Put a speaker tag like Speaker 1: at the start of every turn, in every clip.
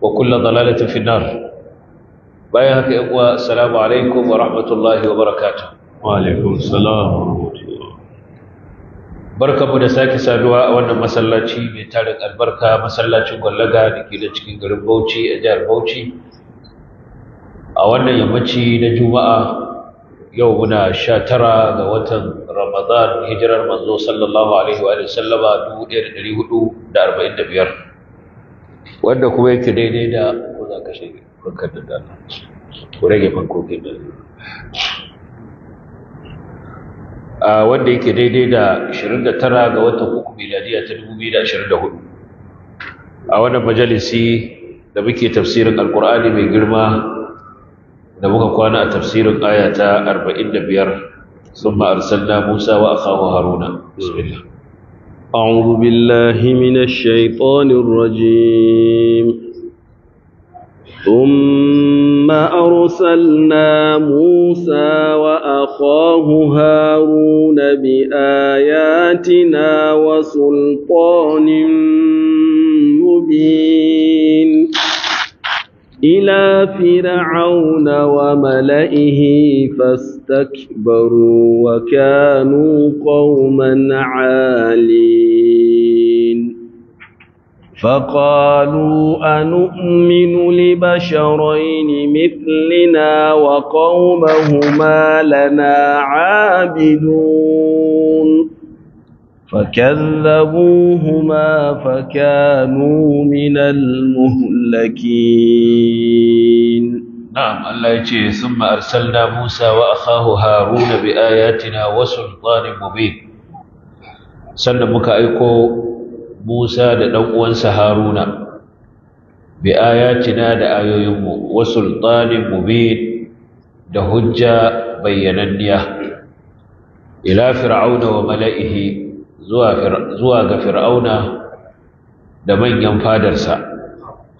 Speaker 1: wa kulla dalalatin fi nar bayan haka yan uwa assalamu alaikum wa rahmatullahi wa barakatuh wa alaikum salam! wa rahmatullah da sake saduwa a wannan masallaci mai tarin albarka masallacin gwallaga da ke da cikin garin Bauchi a jihar Bauchi a wannan yammaci na Juma'a yau muna 19 ga watan Ramadan hijirar manzo sallallahu alaihi wa sallama 1445 wanda kuma yake daidai da ko za ka shiga farkar da dana ko rage farkokin da a wanda yake daidai da 29 ga watan uku miladiya ta 2024 a wannan majalisi da muke tafsirin alkur'ani mai girma da muka kwana a tafsirin aya ta 45 sun na musa wa akawo haruna bismillah
Speaker 2: أعوذ بالله من الشيطان الرجيم ثم أرسلنا موسى وأخاه هارون بآياتنا وسلطان مبين إلى فرعون وملئه فاستكبروا وكانوا قوما عالين فقالوا أنؤمن لبشرين مثلنا وقومهما لنا عابدون فكذبوهما فكانوا من المهلكين
Speaker 1: نعم الله يجي ثم أرسلنا موسى وأخاه هارون بآياتنا وسلطان مبين sannan muka aiko Musa da ɗan'uwansa uwansa Haruna bi ayatina da ayoyinmu wa sultanin mubin da hujja bayyananniya ila fir'auna wa mala'ihi zuwa ga fir'auna da manyan fadarsa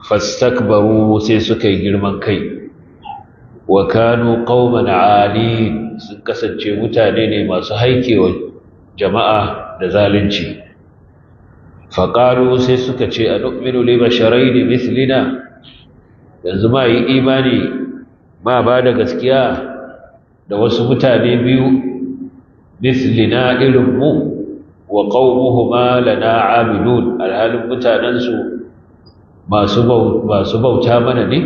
Speaker 1: fastakbaru sai suka yi girman kai wa kanu qauman ali sun kasance mutane ne masu haikewa jama'a da zalunci faqalu sai suka ce a li basharayn mithlina yanzu ma yi imani ma ba da gaskiya da wasu mutane biyu Mislina irin mu wa qaumuhuma lana abidun alhalin masu bauta mana ne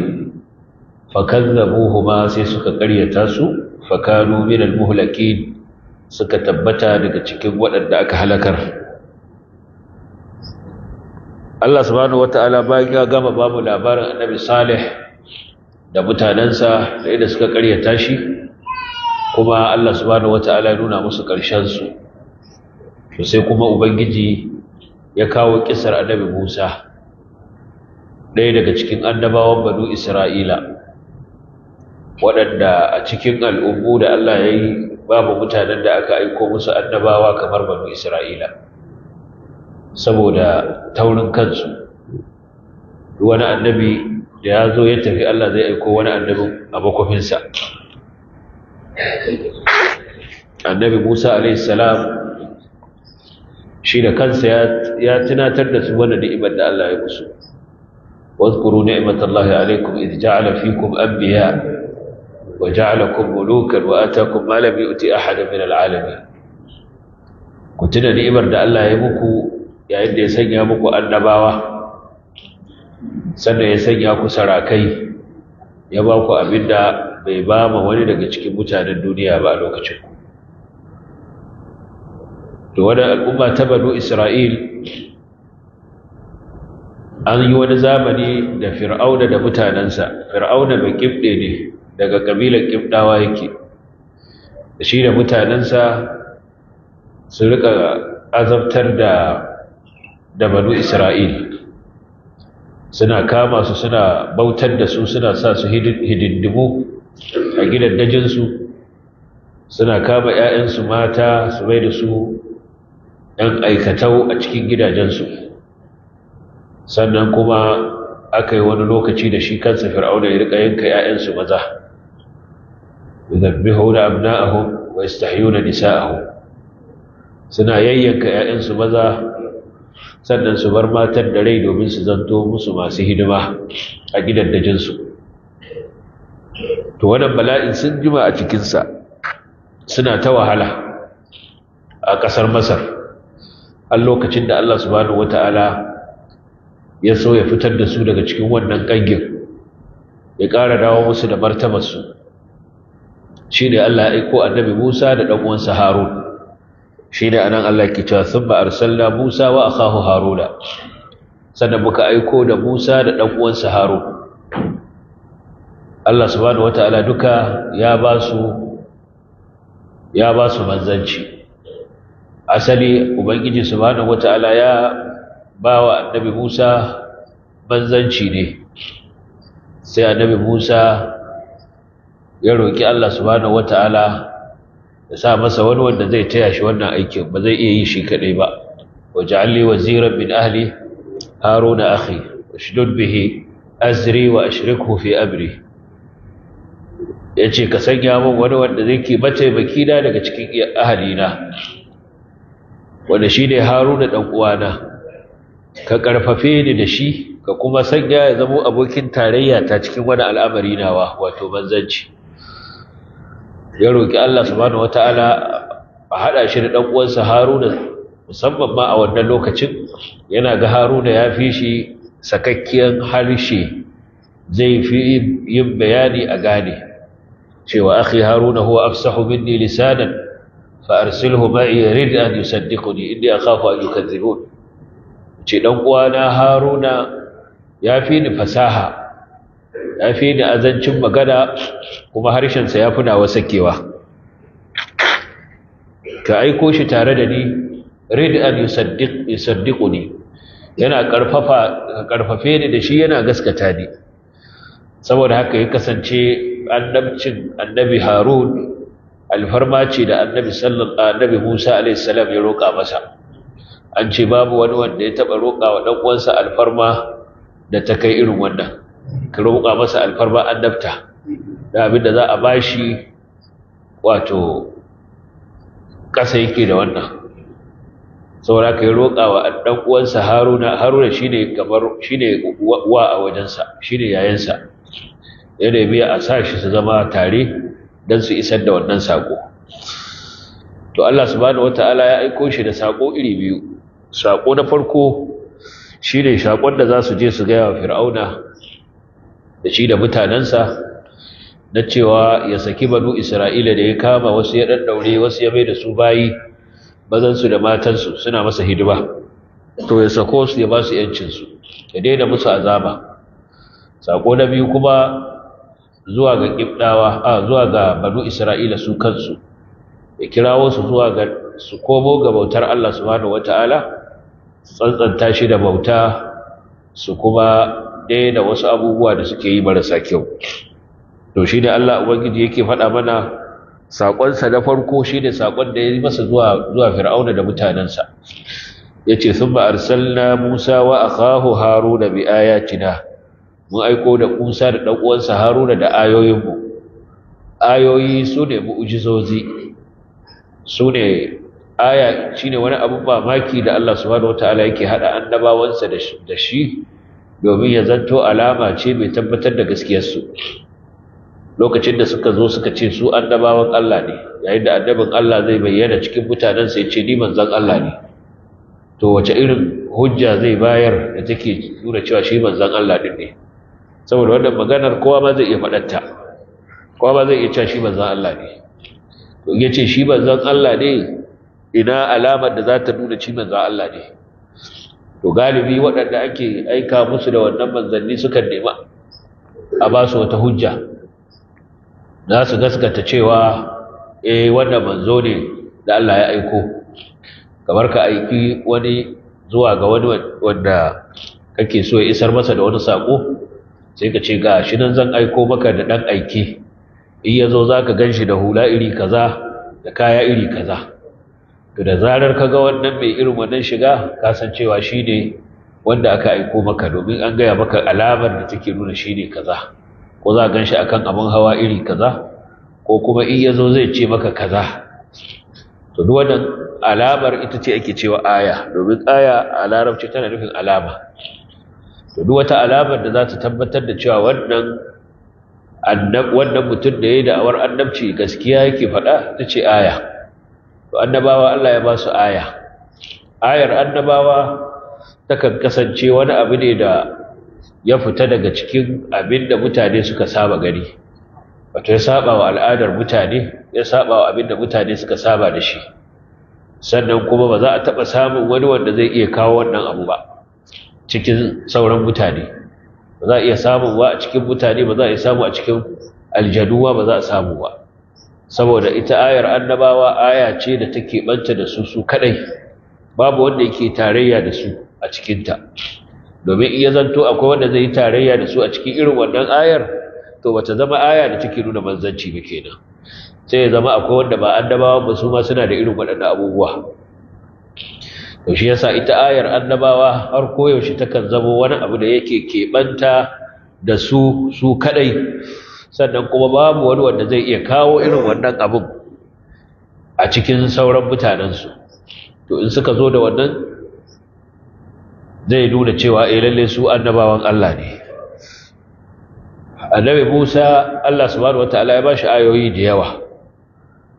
Speaker 1: fakazzabuhuma sai suka ƙaryata su fakanu min almuhlakin suka tabbata daga cikin waɗanda aka halakar Allah subhanahu wataala bayan ya gama babu labarin Annabi Salih da mutanensa da suka karyata shi kuma Allah subhanahu wataala nuna musu ƙarshen su to sai kuma ubangiji ya kawo kisar annabi Musa ɗaya daga cikin annabawan banu Isra'ila waɗanda a cikin al'ummu da Allah ya yi babu mutanen da aka aiko musu annabawa kamar banu Isra'ila saboda taurin kansu wani annabi da ya zo ya tafi Allah zai aiko wani annabin a makwafinsa annabi Musa alaihi salam shi da kansa ya tunatar da su wani ni'imar da Allah ya musu wazkuru ni'matallahi alaikum idh ja'ala fikum anbiya wa ja'alakum mulukan wa atakum ma lam yu'ti ahadan min al'alamin ku tuna ni'imar da Allah ya muku yayin da ya sanya muku annabawa sannan ya sanya ku sarakai ya ba ku abinda bai ba ma wani daga cikin mutanen duniya ba a lokacin ku da wani al'umma ta banu isra'il an yi wani zamani da fir'auna da mutanensa fir'auna mai ƙifɗe ne daga ƙabilar kibɗawa yake da shi da mutanensa su rika azabtar da da banu isra'il suna kama su suna bautar da su suna sa su hidindimu a gidan dajinsu suna kama 'ya'yansu mata su bai da su ‘yan aikatau a cikin gidajensu sannan kuma aka yi wani lokaci da shi kansa fir'auna ya riƙa yanka ‘ya'yansu maza da yuzabbihu na abna'ahum wa a nisa'ahum suna yayyanka ‘ya'yansu maza sannan su bar matan da rai domin su zanto musu masu hidima a gidan dajinsu to wadanda bala'in sun jima a cikinsa suna ta wahala a ƙasar masar har lokacin da Allah subhanahu wata'ala ya so ya fitar da su daga cikin wannan kangin ya ƙara dawo musu da martabarsu shi ne Allah ya aiko annabi Musa da ɗan uwansa Harun shi ne anan Allah ke cewa thumma arsalna Musa wa akahu Haruna sannan muka aiko da Musa da ɗan uwansa Harun Allah subhanahu wata'ala duka ya ba su ya ba su manzanci asali ubangiji subhanahu wataala ya bawa annabi Musa banzanci ne sai annabi Musa ya roki Allah subhanahu wataala ya sa masa wani wanda zai taya shi wannan aikin ba zai iya yi shi kadai ba waj'alni waziran min ahli haruna akhi washdud bihi azri wa ashrikhu fi amri yace ka sanya min wani wanda zai ke mataimaki na daga cikin ahalina wanda shi ne haruna ɗan uwana ka ƙarfafe ni da shi ka kuma sanya ya zama abokin tarayya ta cikin wani al'amari nawa wato manzanci ya roƙi Allah subhanahu ta’ala a haɗa shi da ɗan uwansa haruna musamman ma a wannan lokacin yana ga haruna ya fi shi sakakkiyar harshe zai fi yin bayani a gane cewa akhi haruna huwa afsahu minni lisanan فأرسله معي ne inda يصدقني إني أخاف أن يكذبون ce dan uwana Haruna ya fi ni fasaha ya fi ni azancin magana kuma harshen sa ya fi nawa sakewa ka aiko shi tare da ni rid an yusaddiq yusaddiquni yana karfafa karfafe ni da shi yana gaskata ni saboda haka ya kasance annabcin annabi Harun alfarma ce da annabi sallallahu annabi Musa alaihi salam ya roƙa masa an ce babu wani wanda ya taɓa roƙa wa dan uwansa alfarma da ta kai irin wannan ka roƙa masa alfarma an annabta da abinda za a bashi wato ƙasa yake da wannan Saura ka yi roƙa wa dan uwansa Haruna Haruna shine kamar shine uwa a wajensa shine yayansa yana biya a sa shi su zama tare don su isar da wannan saƙo to Allah subhanahu wata'ala ya aiko shi da saƙo iri biyu saƙo na farko shi ne saƙon da za su je su gaya wa fir'auna da shi da mutanensa na cewa ya saki banu isra'ila da ya kama wasu ya ɗanɗaure wasu ya mai da su bayi mazansu da matansu suna masa hidima to ya sako su ya ba su ‘yancinsu ya daina musu azaba sako na biyu kuma zuwa ga kibdawa a zuwa ga banu isra'ila su kansu ya kirawo su zuwa ga su komo ga bautar Allah subhanahu wataala tsantsanta shi da bauta su kuma ɗaya da wasu abubuwa da suke yi marasa kyau to shi da Allah ubangiji yake faɗa mana saƙonsa na farko shi ne saƙon da ya yi masa zuwa zuwa fir'auna da mutanensa ya ce sun ba arsalna musa wa akhahu haruna bi ayatina mun aiko da Musa da dan uwansa Haruna da ayoyinmu ayoyi su ne mu'jizozi su ne aya shine wani abin mamaki da Allah subhanahu wataala yake hada annabawansa da shi domin ya zanto alama ce mai tabbatar da gaskiyarsu lokacin da suka zo suka ce su annabawan Allah ne yayin da annabin Allah zai bayyana cikin mutanen sai yace ni manzon Allah ne to wace irin hujja zai bayar da take nuna cewa shi manzon Allah din ne saboda wannan maganar kowa ma zai iya faɗarta kowa ma zai iya cewa shi manzan Allah ne to ya ce shi manzan Allah ne ina alamar da za ta nuna shi manzan Allah ne to galibi waɗanda ake aika musu da wannan manzanni suka nema a ba su wata hujja za su gaskata cewa eh wannan manzo ne da Allah ya aiko kamar ka aiki wani zuwa ga wani wanda kake so ya isar masa da wani sako sai ka ce ga shi nan zan aiko maka da ɗan aiki in ya zo za ka gan da hula iri kaza da kaya iri kaza to da zarar ka ga wannan mai irin wannan shiga ka san cewa shi ne wanda aka aiko maka domin an gaya maka alamar da take nuna shi ne kaza ko za gan shi akan abin hawa iri kaza ko kuma in ya zai ce maka kaza to duk wannan alamar ita ce ake cewa aya domin aya a larabci tana nufin alama to duk wata alamar da za ta tabbatar da cewa wannan annab wannan mutum da yayi da'awar annabci gaskiya yake faɗa ta aya to annabawa Allah ya ba su aya ayar annabawa takan kasance wani abu ne da ya fita daga cikin abinda da mutane suka saba gani wato ya saba wa al'adar mutane ya saba wa abin mutane suka saba da shi sannan kuma ba za a taɓa samun wani wanda zai iya kawo wannan abu ba cikin sauran mutane ba za a iya samun ba a cikin mutane ba za a iya samu a cikin aljanuwa ba za a samu ba saboda ita ayar annabawa aya ce da take banta da su su kadai babu wanda yake tarayya da su a cikinta domin iya zanto akwai wanda zai yi tarayya da su a cikin irin wannan ayar to ta zama aya da take nuna manzanci ba kenan sai ya zama akwai wanda ba annabawa ba su ma suna da irin waɗannan abubuwa to shi yasa ita ayar annabawa har koyaushe takan zamo wani abu da yake keɓanta da su su kadai sannan kuma babu wani wanda zai iya kawo irin wannan abin a cikin sauran mutanensu to in suka zo da wannan zai nuna cewa eh lalle su annabawan Allah ne annabi Musa Allah subhanahu wataala ya bashi ayoyi da yawa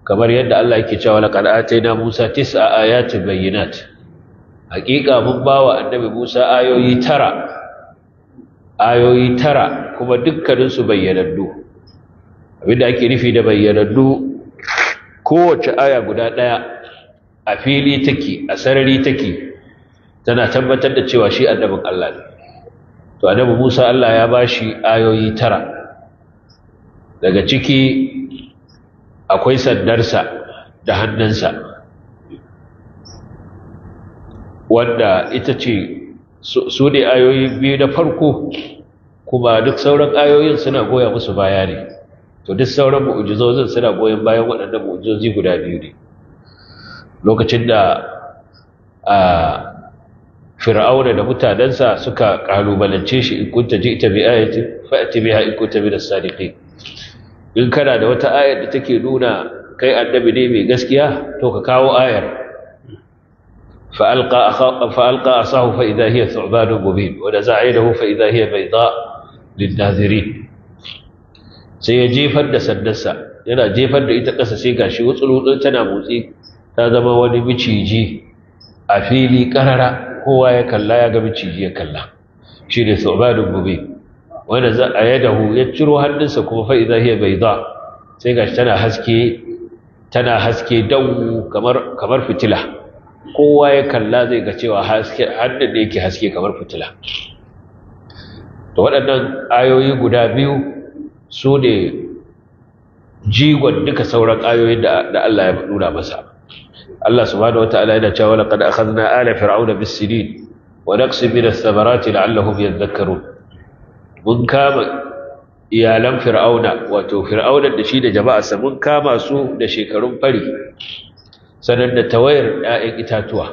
Speaker 1: kamar yadda Allah yake cewa laqad atayna Musa tis'a ayatin bayyinatin hakika mun bawa annabi Musa ayoyi tara ayoyi tara kuma dukkaninsu bayyanannu abinda ake nufi da bayyanannu kowace aya guda ɗaya a fili take a sarari take tana tabbatar da cewa shi annabin Allah ne to annabi Musa Allah ya bashi ayoyi tara daga ciki akwai sandarsa da hannunsa wadda ita ce su ne ayoyi biyu na farko kuma duk sauran ayoyin suna goya musu baya ne to duk sauran mu'ujizozin suna goyon bayan waɗannan mu'ujizozi guda biyu ne lokacin da a fir'auna da mutanensa suka kalubalance shi in kunta ji ji'ta bi ayatin fa'ati biha in kunta min as-sadiqin in kana da wata ayar da take nuna kai annabi ne mai gaskiya to ka kawo ayar فألقى, أخا فألقى أصاه فإذا هي ثعبان مبين ونزع عينه فإذا هي بيضاء للناذرين سيجيفر دسندسا yana jefar da ita ƙasa sai gashi wutsul-wutsul tana motsi ta zama wani maciji a fili ƙarara kowa ya kalla ya ga miciji ya kalla shi ne saubanin gobe wanda za a yada hu ya ciro hannunsa kuma fa'iza hiya bai sai gashi tana haske tana kamar fitila kowa ya kalla zai ga cewa hannun da yake haske kamar fitila da waɗannan ayoyi guda biyu su ne jigon duka sauran ayoyi da Allah ya nuna masa Allah subhanahu ta'ala yana cewa laqad akhadna ala fir'auna bis-sinin wa naqsi min ath-thamarati la'allahum yadhakkarun mun kama iyalan fir'auna wato fir'auna da shi da jama'arsa mun kama su da shekarun fari sanar da tawayar 'ya'yan itatuwa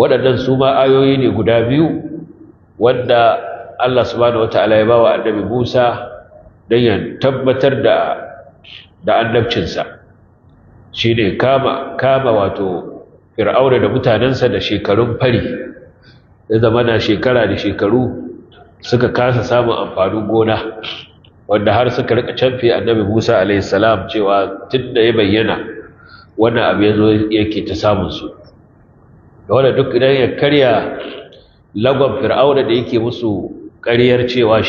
Speaker 1: waɗannan su ma ayoyi ne guda biyu wanda Allah da wata'ala ya ba wa annabi Musa don ya tabbatar da annabcinsa shi ne kama wato fir'auna da mutanensa da shekarun fari ya zama na shekara da shekaru suka kasa samun amfanin gona wanda har suka rika canfe annabi Musa alaihi cewa tun da ya bayyana wannan abu ya zo yake ta samun su da wanda duk idan ya karya lagon fir'auna da yake musu ƙaryar cewa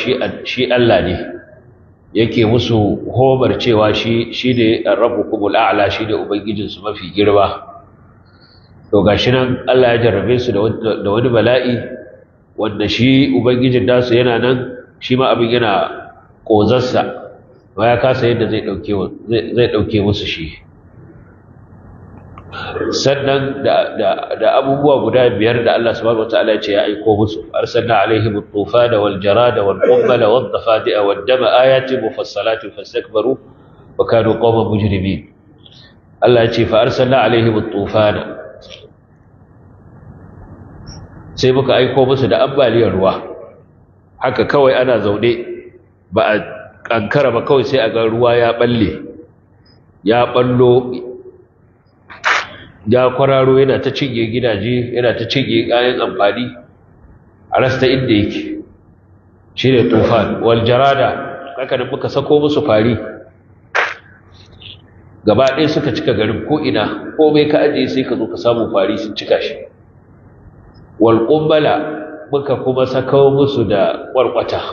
Speaker 1: shi Allah ne yake musu homar cewa shi shi ne rabbukumul a'la shi ne ubangijinsu mafi girma to gashi nan Allah ya jarrabe su da wani bala'i wanda shi ubangijin nasu yana nan shi ma abin yana ƙozarsa ba ya kasa yadda zai ɗauke musu shi sannan da abubuwa guda biyar da Allah subhanahu wataala ya ce ya aiko musu arsalna alaihim at-tufana wal jarada wal qubbala wad dafadi'a wad dama ayatin mufassalatin fastakbaru wa kanu qawman mujrimin Allah ya ce fa arsalna alaihim at-tufana sai muka aiko musu da ambaliyar ruwa haka kawai ana zaune ba a kankara ba kawai sai a ga ruwa ya balle ya ballo ya kwararo yana ta cinye gidaje yana ta cinye kayan amfani a rasta inda yake shi ne tufan wal jarada haka da muka sako musu fari gaba ɗaya suka cika garin ko ina ka ajiye sai ka zo ka samu fari sun cika shi wal kumbala muka kuma sako musu da kwarkwata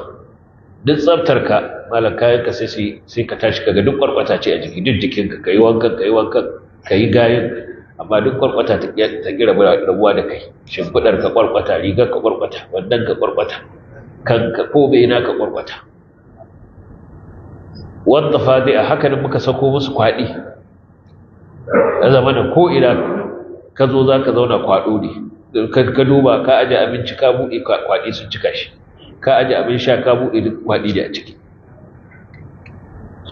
Speaker 1: duk tsaftar ka malan kayan ka sai sai ka tashi ga duk kwarkwata ce a jiki duk jikinka ka kai wankan kai wankan kai gayin amma duk kwarkwata ta ƙi rabuwa da kai shimfiɗar ka kwarkwata rigar ka kwarkwata wannan ka kwarkwata kanka ko bai na ka kwarkwata wanda fadi a haka muka sako musu kwaɗi ya zama da ko ina ka zo za ka zauna kwaɗo ne ka duba ka aje abinci ka buɗe kwaɗi sun cika shi ka aje abin sha ka buɗe duk kwaɗi ne a ciki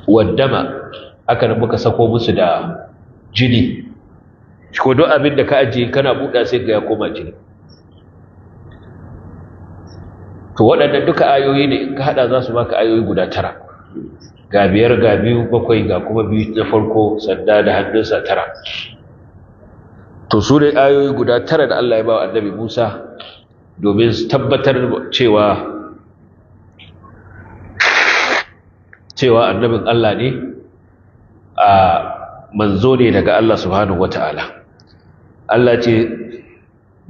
Speaker 1: waddama haka nan muka sako musu da jini shi ko duk abin da ka ajiye kana buɗa sai ga ya koma jini to waɗannan duka ayoyi ne in ka haɗa za su baka ayoyi guda tara ga biyar ga biyu bakwai ga kuma biyu na farko sanda da hannunsa tara to su ne ayoyi guda tara da Allah ya ba wa annabi Musa domin su tabbatar cewa cewa annabin Allah ne a manzo ne daga Allah subhanahu wata'ala Allah ce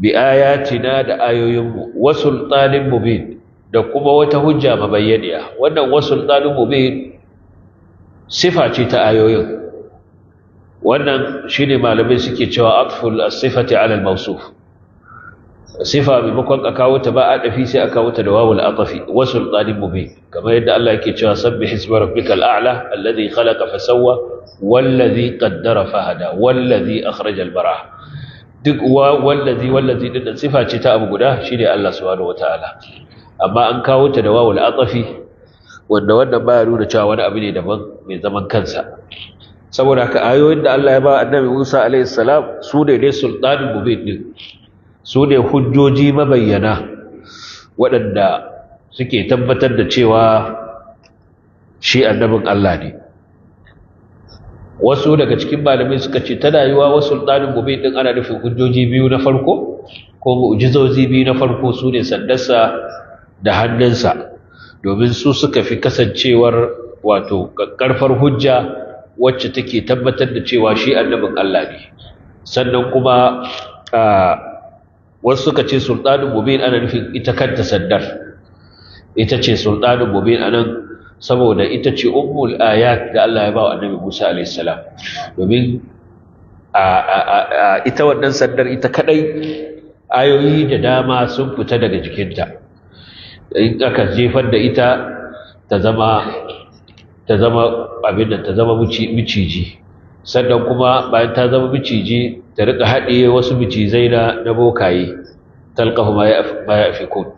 Speaker 1: bi ayatina da ayoyinmu wa sultanin mubin da kuma wata hujja mabayyaniya wannan wa sultanin mubin sifa ce ta ayoyin wannan shine malamai suke cewa atful as-sifati ala al-mawsuf sifa maimakon a kawo ta ba a dafi sai a kawo ta da wawul atafi wa sultanin mubin kamar yadda Allah yake cewa sabbih isma rabbikal a'la alladhi khalaqa fasawwa والذي قدر فهدى والذي أخرج البراء duk wa wallazi wallazi din da sifa ce ta abu guda shine Allah subhanahu wataala amma an kawo ta da wawul atafi wanda wannan baya nuna cewa wani abu ne daban mai zaman kansa saboda haka ayoyin da Allah ya ba annabi Musa alaihi salam su ne dai sultanin mubin din su ne hujjoji mabayyana waɗanda suke tabbatar da cewa shi annabin Allah ne wasu daga cikin malamai suka ce tana rayuwa wasu dalin gobe din ana nufin hujjoji biyu na farko ko mu'jizozi biyu na farko su ne sandarsa da hannunsa domin su suka fi kasancewar wato karfar hujja wacce take tabbatar da cewa shi annabin Allah ne sannan kuma wasu suka ce sultanin mubin ana nufin ita kanta sandar ita ce sultanin mubin anan saboda ita ce ummul ayat da Allah ya ba wa annabi Musa alayhi salam domin ita wannan sandar ita kadai ayoyi da dama sun fita daga jikinta in aka jefar da ita ta zama ta zama abin da ta zama miciji sannan kuma bayan ta zama miciji ta rika haɗiye wasu micizai na na bokaye talqahu ma ya fi kun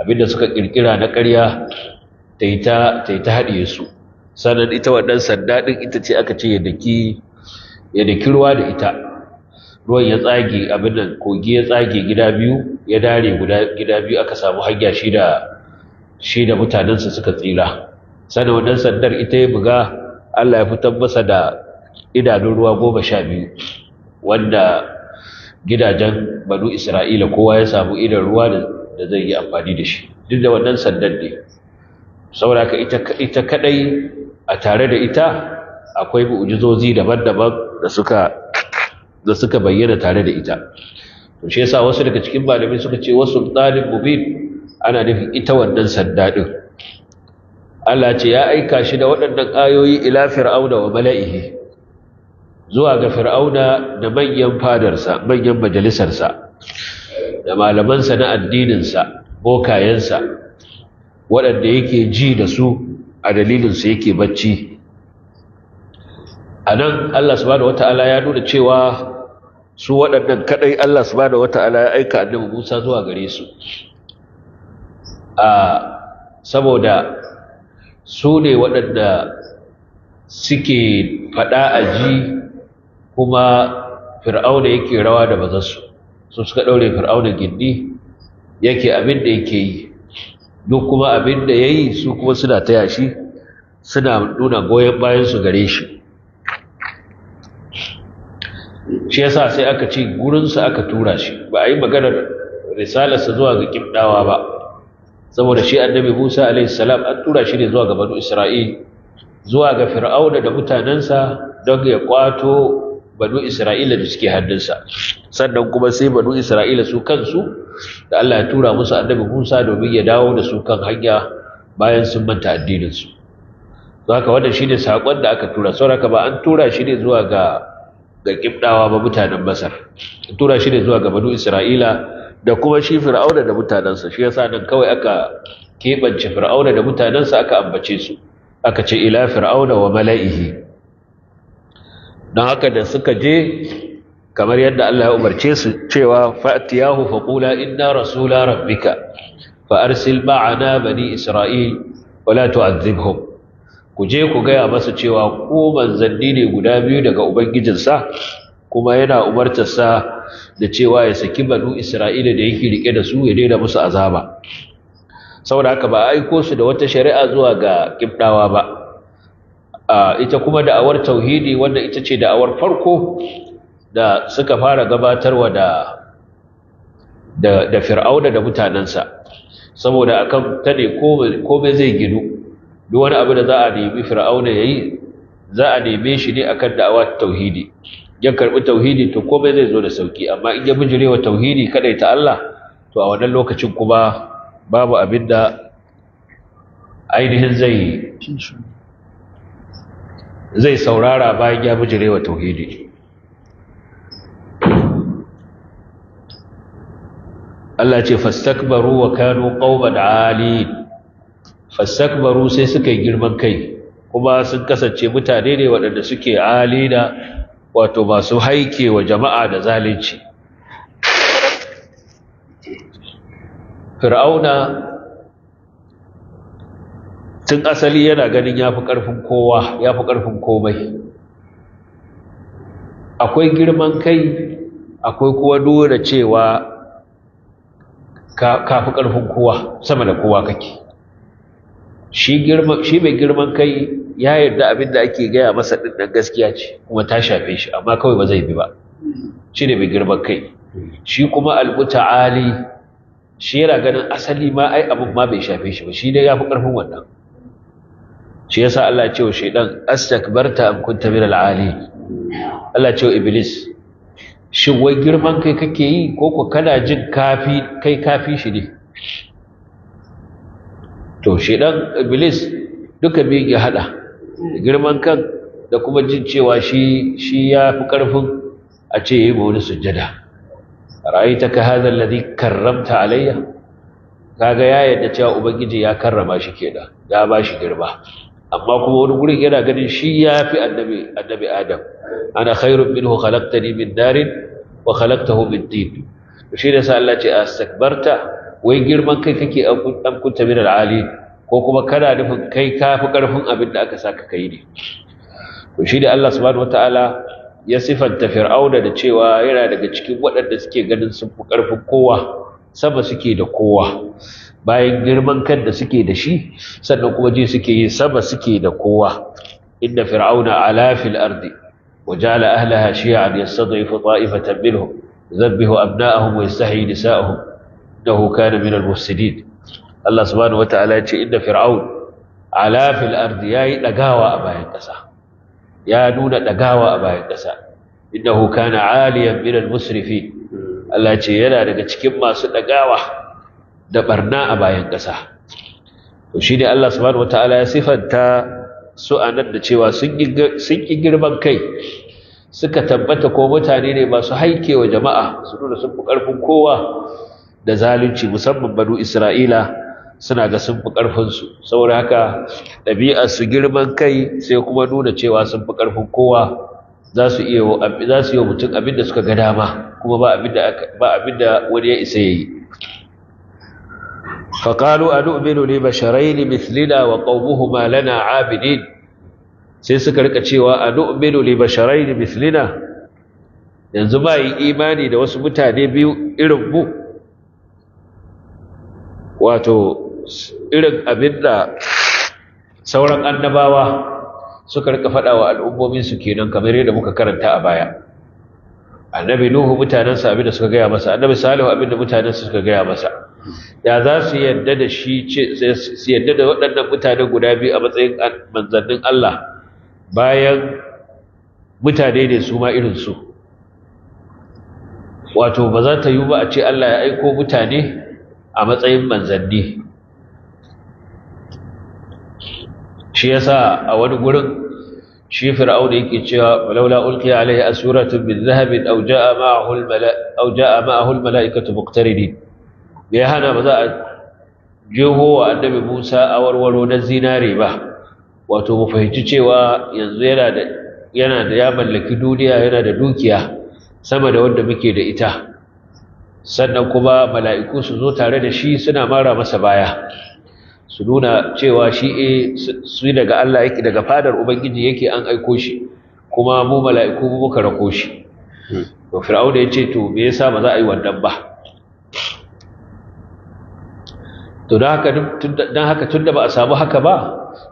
Speaker 1: abinda suka kirkira na ƙarya ta yi ta haɗiye su sannan ita waɗansu sandaɗin ita ce aka ce ya daki ruwa da ita ruwan ya tsage abin kogi ya tsage gida biyu ya dare gida biyu aka samu hanya shi da shi mutanensa suka tsira sannan waɗansu sandar ita ya buga Allah ya fitar masa da idanun ruwa goma sha biyu wanda gidajen banu isra'ila kowa ya samu idan ruwa da zai yi amfani da shi duk da waɗansu sandar ne saboda ka ita kadai a tare da ita akwai mu'jizozi daban-daban da suka da suka bayyana tare da ita to shi yasa wasu daga cikin malamai suka ce wasu talib mubin ana nufin ita wannan sanda din Allah ce ya aika shi da waɗannan ayoyi ila fir'auna wa mala'ihi zuwa ga fir'auna da manyan fadarsa manyan majalisarsa da malamansa na addininsa bokayensa waɗanda yake ji da su a dalilinsu yake bacci a nan allah subhanahu wata'ala ya nuna cewa su waɗannan kaɗai allah subhanahu wata'ala ya aika annabi musa zuwa gare su a saboda su ne waɗanda suke faɗa a ji kuma fir'auna yake rawa da bazansu su suka ɗaure fir'auna gindi yake abin da yake yi duk kuma abin da ya yi su kuma suna taya shi suna nuna goyon bayansu gare shi shi yasa sai aka ce gurinsa aka tura shi ba a yi maganar risalarsa zuwa ga kimdawa ba saboda shi annabi musa alaihissalam an tura shi ne zuwa ga banu isra'il zuwa ga fir'auna da mutanensa don ya kwato banu isra'ila da suke hannunsa sannan kuma sai banu isra'ila su kansu da Allah ya tura musu annabi Musa domin ya dawo da su kan hanya bayan sun manta addininsu haka wannan shine sakon da aka tura sauraka ba an tura shi ne zuwa ga ga kibdawa ba mutanen Masar an tura shi ne zuwa ga banu Isra'ila da kuma shi Fir'auna da mutanansa shi yasa nan kawai aka keɓance Fir'auna da mutanansa aka ambace su aka ce ila fir'auna wa mala'ihi don haka da suka je kamar yadda Allah ya umarce su cewa fa'tiyahu faqula inna rasula rabbika fa arsil na, bani isra'il wala tu'adhibhum ku je ku gaya masa cewa ko manzanni ne guda biyu daga ubangijin sa kuma yana sa da cewa ya saki banu isra'ila da yake rike da su ya daina musu azaba saboda haka ba a aiko su da wata shari'a zuwa ga kibdawa ba ita kuma da'awar tauhidi wanda ita ce da'awar farko da suka fara gabatarwa da da, da fir'auna da mutanensa saboda akan ta ne komai zai ginu duk wani abu da za a nemi fir'auna ya yi za a neme shi ne akan da'awa tauhidi ya karɓi tauhidi to komai zai zo da sauki amma in ya bijire tauhidi kadai ta Allah to a wannan lokacin kuma babu abin da ainihin zai zai saurara bayan ya wa tauhidi Allah ce fastakbaru wa kanu qauman ali fastakbaru sai suka yi girman kai kuma sun kasance mutane ne waɗanda suke alina wato masu haike wa jama'a da zalunci fir'auna tun asali yana ganin ya fi ƙarfin kowa ya fi ƙarfin komai akwai girman kai akwai kuwa nuna cewa ka fi ƙarfin kowa sama da kowa kake shi mai girman kai ya yarda abin da ake gaya masa ɗin gaskiya ce kuma ta shafe shi amma kawai ba zai bi ba shi ne mai girman kai shi kuma Ali, shi yana ganin asali ma ai abin ma bai shafe shi ba shi ne ya fi ƙarfin wannan shi yasa Allah ce wa shaydan astakbarta am kunta minal ali Allah ce wa iblis shin wai girman kai kake yi ko ko kana jin kafi kai kafi shi ne to shaydan iblis duka biyu ya hada girman kan da kuma jin cewa shi shi yafi karfin a ce yi wani sujjada ra'aitaka hadha alladhi karramta alayya kaga ya yadda cewa ubangiji ya karrama shi kenan ya ba shi girma amma kuma wani gurin yana ganin shi ya fi annabi adam ana khairun minhu khalaqtani min darin wa khalaqtahu min tin shi da sa Allah ce astakbarta wai girman kai kake an kunta min alali ko kuma kana nufin kai ka fi ƙarfin abin da aka saka kai ne to shi da Allah subhanahu wataala ya sifanta fir'auna da cewa yana daga cikin waɗanda suke ganin sun fi karfin kowa sama suke da kowa bayan girman kan da suke da shi sannan kuma ji suke yi sama suke da kowa inna fir'auna ala fil ardi وجعل أهلها شيعا يستضعف طائفة منهم يذبه أبناءهم ويستحيي نساءهم إنه كان من المفسدين الله سبحانه وتعالى إن فرعون ala fil ardi yayi dagawa a bayan kasa ya nuna dagawa a bayan kasa innahu kana aliyan min al musrifin Allah ce yana daga cikin masu dagawa da barna a bayan ƙasa to shi ne Allah subhanahu wataala ya sifanta su anan da cewa sun ƙi girman kai suka tabbata ko mutane ne masu haikewa jama'a su nuna sun fi ƙarfin kowa da zalunci musamman banu Isra'ila suna ga sun fi ƙarfinsu saboda haka ɗabi'ar su girman kai sai kuma nuna cewa sun fi ƙarfin kowa za su iya za su yi mutum abinda suka ga dama kuma ba abinda ba abinda wani ya isa yayi a anu'minu li basharayn mithlina wa qawmuhuma lana 'abidin sai suka rika cewa a anu'minu li basharayn mithlina yanzu ba yi imani da wasu mutane biyu irin mu wato irin abinda sauran annabawa suka rika faɗa wa al'ummomin su kenan kamar yadda muka karanta a baya annabi nuhu mutanen sa abinda suka gaya masa annabi salihu abinda mutanen suka gaya masa da za su yadda da shi ce su yadda da waɗannan mutane guda biyu a matsayin manzannin Allah bayan mutane ne su ma irin su wato ba za ta yi ba a ce Allah ya aiko mutane a matsayin manzanni shi yasa a wani gurin shi fir'aun yake cewa laula ulqiya alaihi asuratun min zahabin aw jaa ma'ahu al aw jaa ma'ahu al mala'ikatu ya hana ba za a jeho wa annabi Musa a warwaro na zinare ba wato mu fahimci cewa yanzu yana da yana da ya mallaki duniya yana da dukiya sama da wanda muke da ita sannan kuma mala'iku su zo tare da shi suna mara masa baya su nuna cewa shi e su daga Allah yake daga fadar ubangiji yake an aiko shi kuma mu mala'iku muka rako shi to fir'auna yace to me yasa ba za a yi wannan ba to dan haka dan haka tunda ba a samu haka ba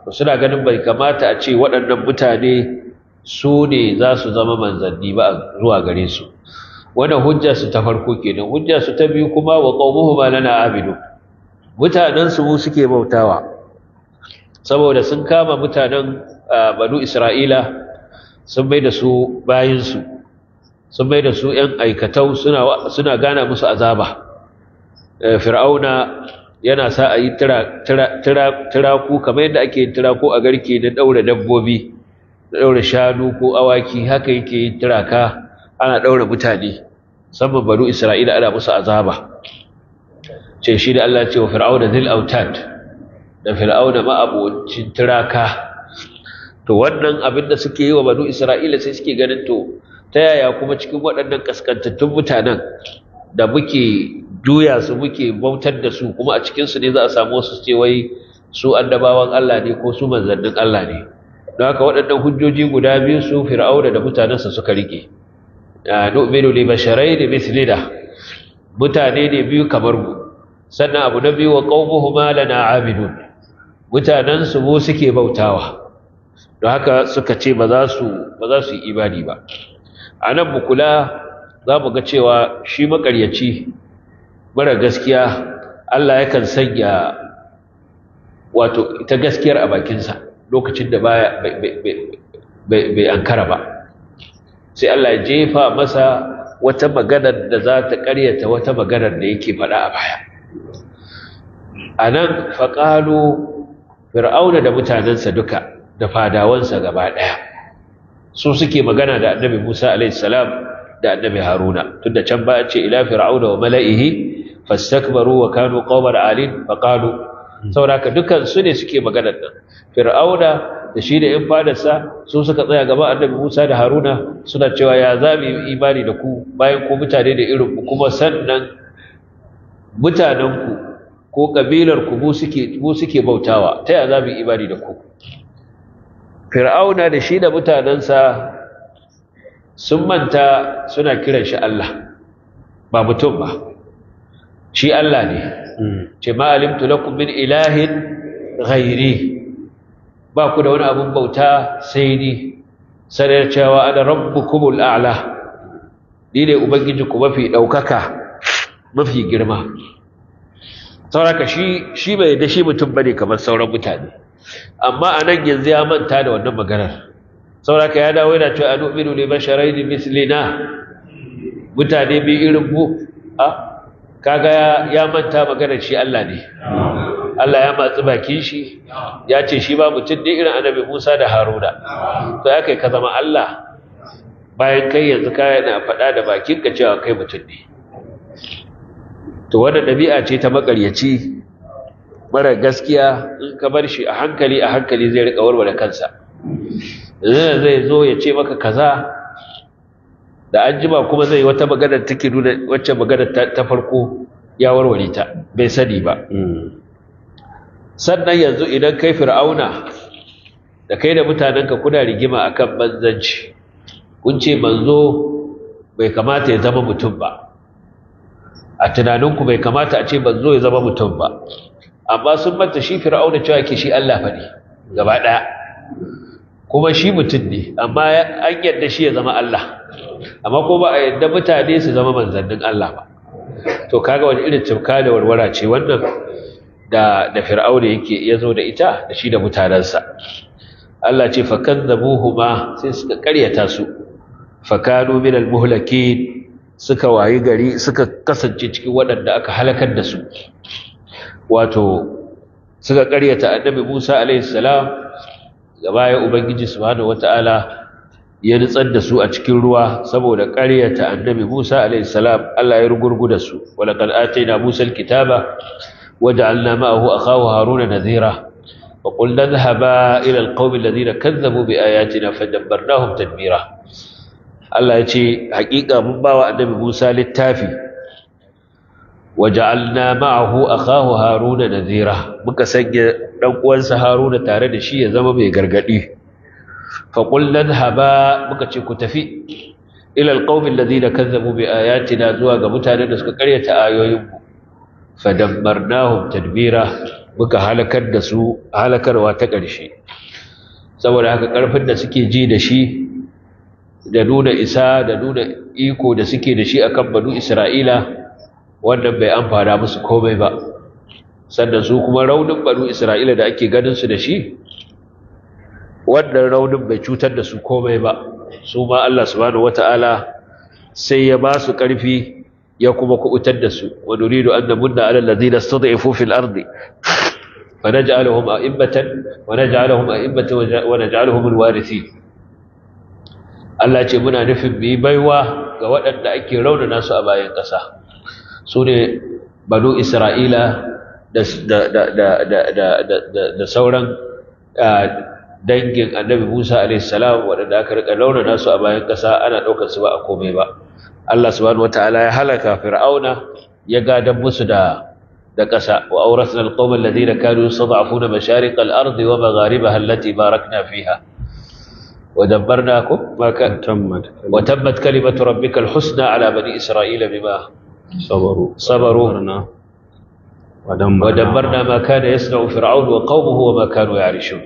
Speaker 1: to suna ganin bai kamata a ce waɗannan mutane su ne za su zama manzanni ba zuwa gare su wannan hujja su ta farko kenan hujja su ta biyu kuma wa na, lana abidun mutanensu mu suke bautawa saboda sun kama mutanen banu isra'ila sun mai da su bayansu sun mai da su 'yan aikatau suna gana musu azaba e, fir'auna yana sa a yi tiraku kamar yadda ake yin tiraku a garke na ɗaura dabbobi na ɗaura shanu ko awaki haka yake yin tiraka ana ɗaura mutane saman banu isra'ila ana musu azaba ce shi da Allah ce wa fir'auna zil autad da fir'auna ma'abocin tiraka. to wannan abin da suke yi wa banu isra'ila sai suke ganin to ta yaya kuma cikin waɗannan kaskantattun mutanen da muke juya su muke bautar da su kuma a cikinsu ne za a samu su ce wai su annabawan Allah ne ko su manzannin Allah ne don haka waɗannan hujjoji guda biyu su fir'auna da mutanensa suka rike A ah, nu'minu li basharai da mislina mutane ne biyu kamar mu sannan abu na biyu wa da na abidun mutanen su mu suke bautawa don haka suka ce ba za su yi ibadi ba a nan mu kula za mu ga cewa shi makaryaci mara gaskiya Allah yakan sanya wato ita gaskiyar a bakinsa lokacin da baya bai ankara ba sai Allah ya jefa masa wata maganar da za ta ƙaryata wata maganar da yake faɗa a baya a nan faƙalo fir'auna da mutanensa duka da fadawansa gaba ɗaya su suke magana da annabi musa alaihissalam da annabi haruna tun da can ba ce ila fir'auna wa mala'ihi fastakbaru wa kanu qawmar alin faqalu sauraka dukan su ne suke magana nan fir'auna da shi da yan fadarsa su suka tsaya gaba annabi Musa da Haruna suna cewa ya za mu imani da ku bayan ku mutane da irin ku kuma sannan mutanenku ko ƙabilarku mu suke bautawa ta yaya za mu yi imani da ku fir'auna da shi da mutanensa sun manta suna kiran shi Allah ba mutum ba shi Allah ne hmm. ce ma alimtu lakum min ilahin ghairi ba ku da wani abin bauta sai ni sanar cewa ana rabbukumul a'la ni ne ubangiji ku mafi ɗaukaka mafi girma sauraka shi shi bai da shi mutum bane kamar sauran mutane amma a nan yanzu ya manta da wannan maganar sauraka ya dawo yana cewa anu'minu li da mislina mutane bi irin mu a ah, kaga ya manta maganar shi Allah ne Allah ya matsi bakin shi ya ce shi ba mutum ne irin annabi Musa da Haruna to ya kai ka zama Allah bayan kai yanzu ka na faɗa da bakin ka cewa kai mutum ne to wanda dabi'a ce ta makaryaci mara gaskiya in ka bar shi a hankali a hankali zai rika warware kansa zai zai zo ya ce maka kaza da anjima kuma zai wata magana take nuna wacce magana ta farko ya warware ta bai sani ba sannan yanzu idan kai fir'auna da kai da mutanenka kuna rigima akan manzanci kun ce manzo bai kamata ya zama mutum ba a tunaninku bai kamata a ce ban zo ya zama mutum ba amma sun manta shi fir'auna cewa ke shi Allah fa ne gaba ɗaya kuma shi mutum ne amma an yadda shi ya zama Allah amma ko ba a yadda mutane su zama manzannin Allah ba to kaga wani irin cimka da warwara ce wannan da da fir'auna yake ya zo da ita da shi da mutanensa Allah ce fa ma sai suka karyata su fa kanu minal muhlakin suka wayi gari suka kasance cikin waɗanda aka halakar da su wato suka ƙaryata annabi Musa alaihi gaba ya baya ubangiji subhanahu wata'ala ya nutsar da su a cikin ruwa saboda ƙaryata annabi Musa alaihi Allah ya rugurguda su walaqad atayna Musa alkitaba waja'alna a kawo Haruna nadhira وقلنا اذهبا إلى القوم الذين كذبوا بآياتنا فدمرناهم تدميرا Allah ya ce haƙiƙa mun ba wa annabi Musa littafi waja'alna ma'ahu akahu haruna nadhira muka sanya dan uwansa haruna tare da shi ya zama mai gargadi fa qulna haba muka ce ku tafi ila alqawmi alladhina kazzabu bi ayatina zuwa ga mutanen da suka karyata ayoyin mu fadammarnahum tadbira muka halakar da su halakarwa ta ƙarshe saboda haka ƙarfin da suke ji da shi da nuna isa da nuna iko da suke da shi akan banu isra'ila wannan bai amfana musu komai ba sannan su kuma raunin banu isra'ila da ake ganin su da shi wannan raunin bai cutar da su komai ba su ma Allah subhanahu sai ya ba su ƙarfi ya kuma kubutar da su wa nuridu an namunna ala alladhina istad'ifu fil ardi fa naj'aluhum a'immatan wa naj'aluhum a'immatan wa naj'aluhum alwarithin Allah ce muna nufin mu yi baiwa ga waɗanda ake raunana su a bayan ƙasa su ne banu isra'ila da sauran dangin annabi musa alaihissalam waɗanda aka rika raunana su a bayan ƙasa ana ɗaukar su ba a komai ba Allah subhanahu wataala ya halaka fir'auna ya gadan musu da da ƙasa wa auratna da alladhina kanu yastad'afuna masharika al-ardi wa magharibaha allati barakna fiha ودبرناكم ما كان تمت وتمت كلمة ربك الحسنى على بني إسرائيل بما صبروا صبروا ودمرنا, ودمرنا ما كان يصنع فرعون وقومه وما كانوا يعرشون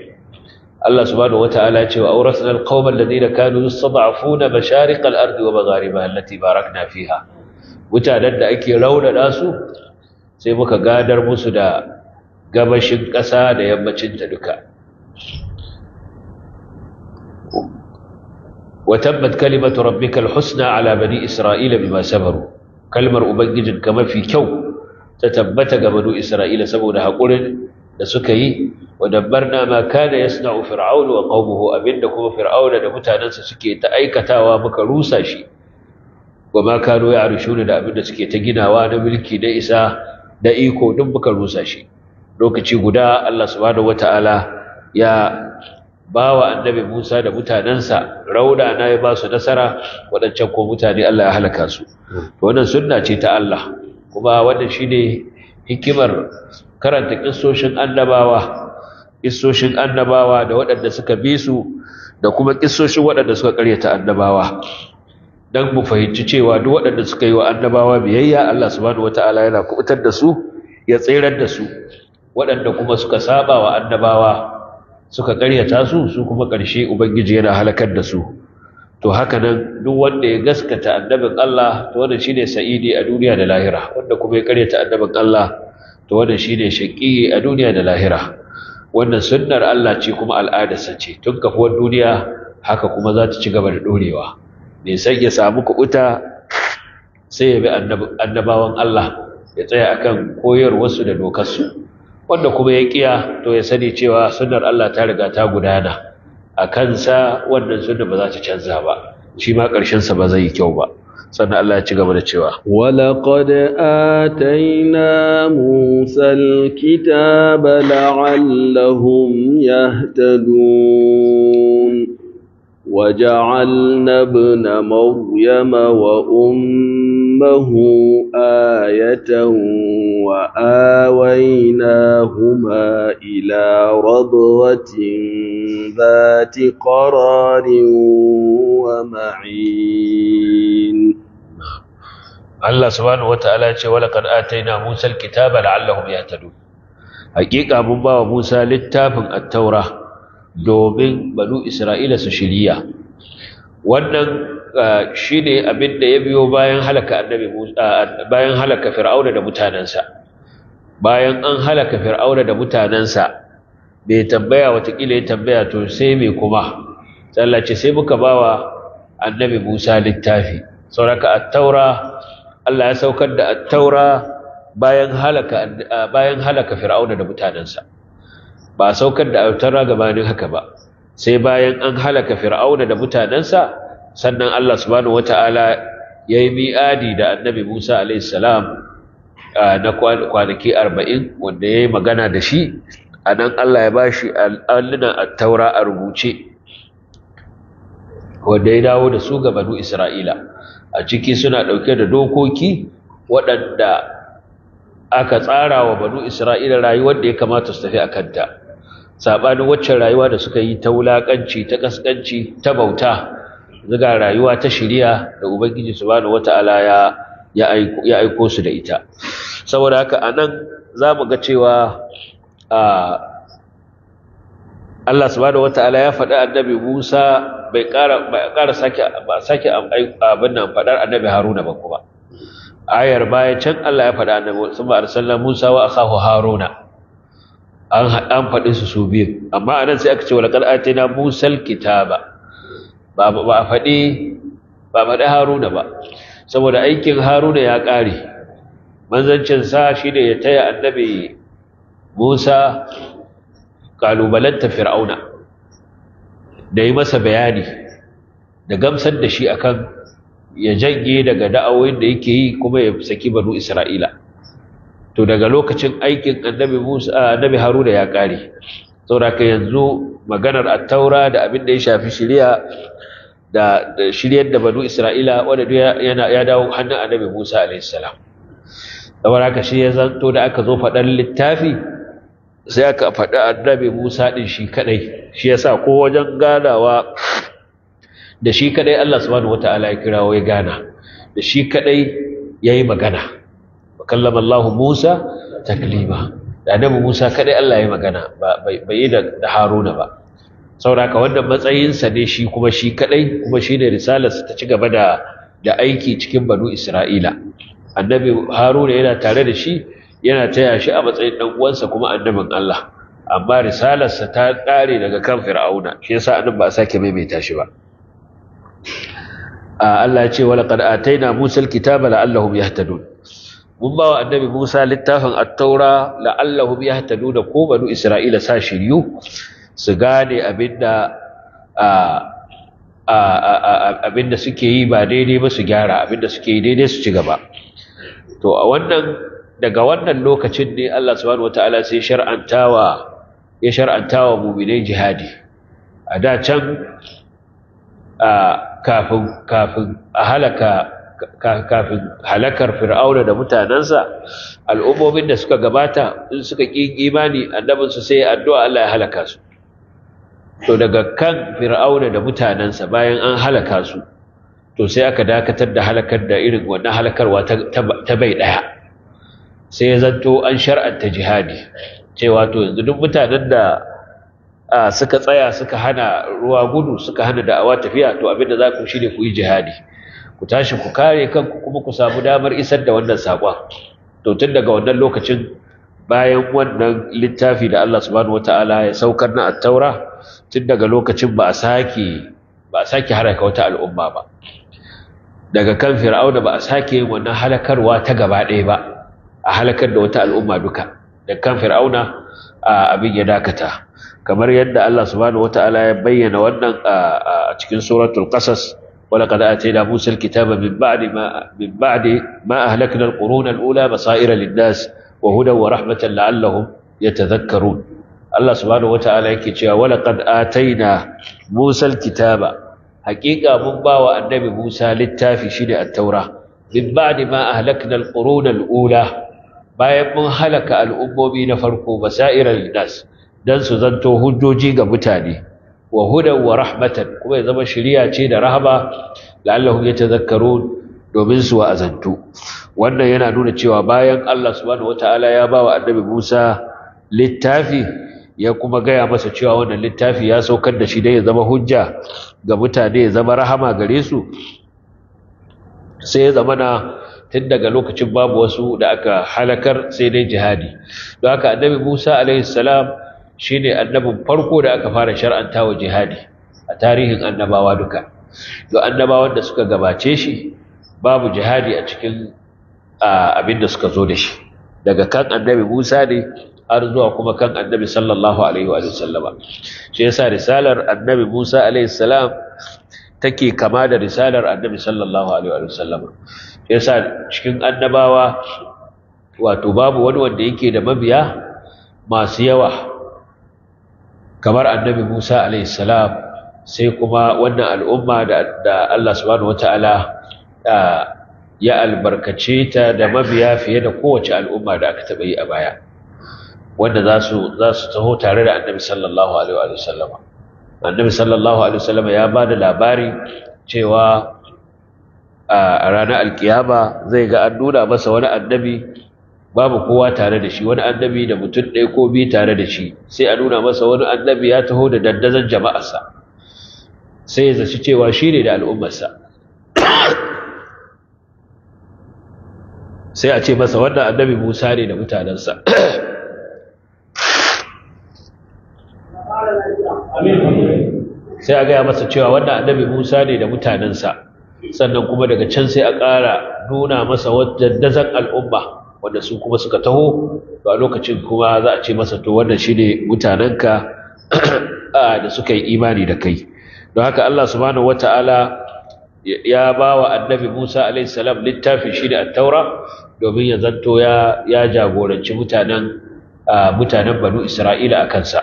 Speaker 1: الله سبحانه وتعالى وأورثنا القوم الذين كانوا يستضعفون مشارق الأرض ومغاربها التي باركنا فيها mutanen da ake raunana su sai muka gadar musu da gabashin ƙasa da yammacin ta duka وتمت كلمة ربك الحسنى على بني إسرائيل بما سبروا كلمة أبنجد كما في كو تتبت بنو إسرائيل سبونا هقول لسكي ودبرنا ما كان يصنع فرعون وقومه أبنكم فرعون نمتانا سكي تأيكتا ومكروسا شي وما كانوا يعرشون لأبن سكي تجينا وانا ملكي نئسا نئيكو نمكروسا شي لوكتي قداء الله سبحانه وتعالى يا bawa annabi Musa da mutanensa rauda na ya ba su nasara waɗancan ko mutane Allah ya halaka su to wannan sunna ce ta Allah kuma wannan shine hikimar karanta kissoshin annabawa kissoshin annabawa da waɗanda suka bi su da kuma kissoshin waɗanda suka karyata annabawa dan mu fahimci cewa duk waɗanda suka yi wa annabawa biyayya Allah subhanahu wataala yana kubutar da su ya tsirar da su waɗanda kuma suka saba wa annabawa suka karyata su su kuma ƙarshe ubangiji yana halakar da su to haka nan duk wanda ya gaskata annabin Allah to wanda shine sa'idi a duniya da lahira wanda kuma ya karyata annabin Allah to wanda shine shaqi a duniya da lahira wannan sunnar Allah ce kuma al'adarsa ce tun kafuwar duniya haka kuma za ta ci gaba da dorewa ne sai ya samu kuɓuta sai ya bi annabawan Allah ya tsaya akan koyarwarsu da dokarsu wanda kuma ya kiya to ya sani cewa sunnar Allah ta riga ta gudana a kansa wannan sunna ba za ta canza ba shi ma ƙarshen sa ba zai yi kyau ba sannan Allah ya ci gaba da cewa
Speaker 2: walaqad ataina musal kitaba la'allahum yahtadun وجعلنا maryama wa وأمه علمه آية وآويناهما إلى ربوة ذات قرار ومعين
Speaker 1: Allah subhanahu wataala ya ce walaqad ataina Musa alkitaba la'allahum yahtadun hakika mun bawa Musa littafin at-taura domin banu Isra'ila su shiriya wannan shi ne abin da ya biyo bayan halaka annabi bayan halaka fir'auna da mutanansa bayan an halaka fir'auna da mutanansa bai tambaya watakila ya tambaya to sai mai kuma Allah ce sai muka bawa annabi Musa littafi sauraka at-taura Allah ya saukar da at-taura bayan halaka bayan halaka fir'auna da mutanansa ba saukar da at-taura gabanin haka ba sai bayan an halaka fir'auna da mutanansa sannan Allah subhanahu wata'ala ya yi mi'adi da annabi Musa salam na kwanaki arba'in wanda ya yi magana da shi a nan Allah ya ba shi allunan taura a rubuce wanda ya dawo da su ga banu Isra'ila a ciki suna ɗauke da dokoki waɗanda aka tsara wa banu Isra'ila rayuwar da ya kamata su tafi a kanta saɓanin waccan rayuwa da suka yi ta Wulakanci, ta ƙasƙanci ta bauta zuga rayuwa ta shiriya da ubangiji subhanahu wata'ala ya ya aiko ya aiko su da ita saboda haka anan zamu ga cewa Allah subhanahu wata'ala ya faɗi annabi Musa bai ƙara bai ƙara sake ba sake abin nan faɗar annabi Haruna ba kuma ayar baya can Allah ya faɗi annabi sun ba Musa wa akahu Haruna an an faɗi su su biyu amma anan sai aka ce walaqad atina Musal kitaba ba a faɗi ba faɗi haruna ba saboda aikin haruna ya ƙare manzancinsa shi ne ya taya annabi musa ƙalubalanta fir'auna da yi masa bayani da gamsar da shi akan ya janye daga da'awoyin da yake yi kuma ya saki banu isra'ila to daga lokacin aikin annabi haruna ya ƙare sauraka yanzu maganar attaura da abin da ya shafi shirya da shiryar da banu isra'ila wanda yana ya dawo hannun annabi musa alaihissalam sauraka shi ya zanto da aka zo faɗar littafi sai aka faɗi annabi musa ɗin shi kaɗai shi ya sa ko wajen ganawa da shi kaɗai allah subhanahu wata'ala ya kirawo ya gana da shi kaɗai ya yi magana wa kallama allahu musa taklima da annabi Musa kadai Allah ya magana ba bai da da Haruna ba saboda wannan matsayinsa ne shi kuma shi kadai kuma shi ne risalarsa ta ci gaba da da aiki cikin banu Isra'ila annabi Haruna yana tare da shi yana taya shi a matsayin dan uwansa kuma annabin Allah amma risalarsa ta ƙare daga kan fir'auna shi yasa annabi ba a sake maimaita shi ba Allah ya ce wa laqad ataina musal kitaba la'allahum yahtadun mun ba wa annabi Musa littafin at-taura la'allahum yahtaduna ko banu Isra'ila sa shiryu su gane abinda suke yi ba daidai ba su gyara abinda suke yi daidai su ci gaba to a wannan daga wannan lokacin ne Allah subhanahu wataala sai shar'antawa ya shar'antawa mu'minai jihadi a da can kafin a halaka kafin halakar fir'auna da mutanensa al'ummomin da suka gabata in suka ƙi imani annabinsu sai addu'a Allah ya halaka su to daga kan fir'auna da mutanensa bayan an halaka su to sai aka dakatar da halakar da irin wannan halakarwa ta bai ɗaya sai ya zanto an shar'anta jihadi cewa to yanzu duk mutanen da suka tsaya suka hana ruwa gudu suka hana da'awa tafiya to abinda za ku shi ku yi jihadi ku tashi ku kare kanku kuma ku samu damar isar da wannan saƙon to tun daga wannan lokacin bayan wannan littafi da Allah subhanahu wataala ya saukar na at-taura tun daga lokacin ba a sake ba a sake haraka wata al'umma ba daga kan fir'auna ba a sake wannan halakarwa ta gaba ɗaya ba a halakar da wata al'umma duka da kan fir'auna abin ya dakata kamar yadda Allah subhanahu wataala ya bayyana wannan a cikin suratul qasas ولقد آتينا موسى الكتاب من بعد ما من بعد ما أهلكنا القرون الأولى بصائر للناس وهدى ورحمة لعلهم يتذكرون الله سبحانه وتعالى يكي ولقد آتينا موسى الكتاب حقيقة من باوى النبي موسى للتافي شنع التوراة من بعد ما أهلكنا القرون الأولى bayan mun halaka al'ummomi na farko basairar nas dan su zanto hujjoji ga mutane wa hudan wa rahmatan kuma ya zama shiriya ce da rahama ya zakaru domin su wa'azantu wannan yana nuna cewa bayan Allah subhanahu wataala ya bawa annabi Musa littafi ya kuma gaya masa cewa wannan littafi ya saukar da shi dai ya zama hujja ga mutane ya zama rahama gare su sai ya zama na tun daga lokacin babu wasu da aka halakar sai dai jihadi don haka annabi Musa alaihi salam shi ne annabin farko da aka fara shar'anta wa jihadi a tarihin annabawa duka duk annabawan da suka gabace shi babu jihadi a cikin abin da suka zo da shi daga kan annabi musa ne har zuwa kuma kan annabi sallallahu alaihi wa sallama shi yasa risalar annabi musa alaihi salam take kama da risalar annabi sallallahu alaihi wa sallama shi yasa cikin annabawa wato babu wani wanda yake da mabiya masu yawa kamar annabi Musa alaihi salam sai kuma wannan al'umma da, da Allah subhanahu wataala ya albarkace ta da mabiya fiye da kowace al'umma da aka taɓa yi a baya wanda za su za su taho tare da annabi sallallahu alaihi wa sallama annabi sallallahu alaihi wa sallama ya ba da labari cewa a ranar alkiyama zai ga an nuna masa wani annabi babu kowa tare da shi wani annabi da mutum ɗaya ko biyu tare da shi sai a nuna masa wani annabi ya taho da dandazon jama'arsa sai ya zaci cewa shi ne da al'ummarsa sai a ce masa wannan annabi musa ne da mutanensa sai a gaya masa cewa wannan annabi musa ne da mutanensa sannan kuma daga can sai a ƙara nuna masa wajen dazan al'umma wanda su kuma suka taho ba a lokacin kuma za a ce masa to wannan shine mutanenka ah, da suka yi imani da kai don haka Allah subhanahu wataala ya bawa annabi Musa alaihi littafin shi ne at-taura domin ya zanto ya jagoranci mutanen mutanen Banu Isra'ila a kansa.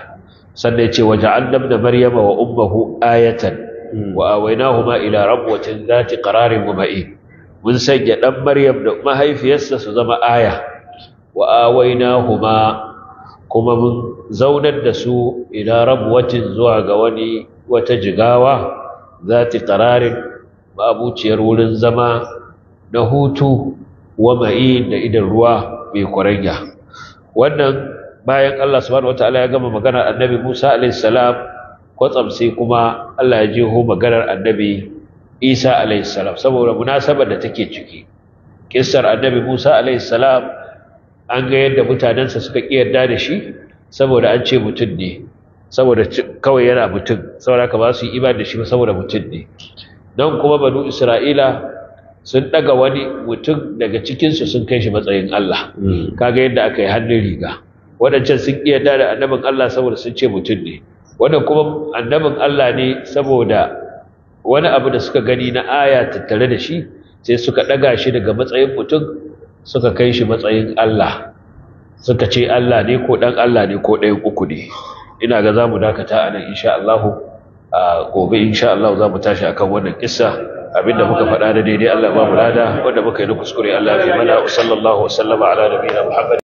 Speaker 1: sannan ya ce an ibn maryama wa ummuhu ayatan wa ma ila rabwatin dhati qararin wa ma'in mun sanya ɗan maryam da mahaifiyarsa su zama aya wa huma kuma mun zaunar da su ila rabwatin zuwa ga wani wata jigawa zati ƙararin babuciyar wurin zama na hutu wa ma'in da idan ruwa mai kwaranya wannan bayan Allah subhanahu wataala ya gama maganar annabi Musa alaihi salam kwatsam sai kuma Allah ya jeho maganar annabi isa alaihissalam saboda munasabar da take ciki kissar annabi musa alaihissalam an ga yadda mutanensa suka kiyarda da shi saboda an ce mutum ne saboda kawai yana mutum saboda ka ba su yi da shi saboda mutum ne don kuma banu isra'ila sun daga wani mutum daga cikinsu sun kai shi matsayin Allah hmm. kaga yadda aka yi hannun riga waɗancan sun iya da annabin Allah saboda sun ce mutum ne wannan kuma annabin Allah ne saboda wani abu da suka gani na aya tattare da shi sai suka daga shi daga matsayin mutum suka kai shi matsayin Allah suka ce Allah ne ko dan Allah ne ko ɗayan uku ne ina ga zamu dakata anan, nan insha Allah gobe insha Allah za mu tashi akan wannan kissa abinda muka faɗa da daidai Allah ba mu rada wanda muka yi na kuskure Allah ya fi mana sallallahu alaihi wa sallama ala nabiyina Muhammad